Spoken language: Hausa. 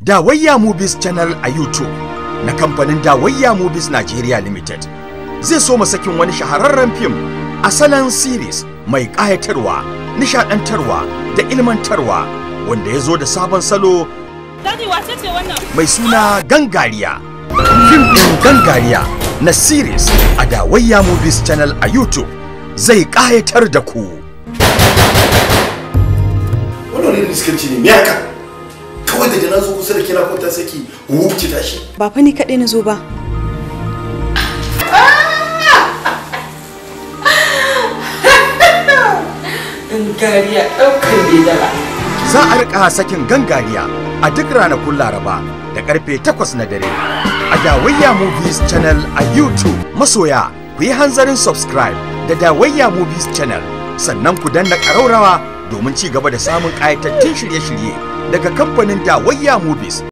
Dawayya Movies Channel a YouTube na kamfanin Dawayya Movies Nigeria Limited zai so sakin wani shahararren fim a salon series mai ƙayatarwa, nishaɗantarwa, da ilmantarwa wanda ya zo da sabon salo mai suna Gangariya. Fim ɗin Gangariya na series a Dawayya Movies Channel a YouTube zai ƙayatar da ku. Wannan ne iskanci ne, kawai daga na zo kusa da kina kwanta saki ki tashi ba fa ni kaɗai na zo ba gariya ɗaukar bedala za a riƙa sakin gangariya a duk ranakun laraba da karfe 8 na dare a dawayya movies channel a youtube masoya ku yi hanzarin subscribe da dawayya movies channel sannan ku danna ƙaraurawa domin ci gaba da samun ƙayatattun shirye-shirye daga kamfanin Dawayya Movies.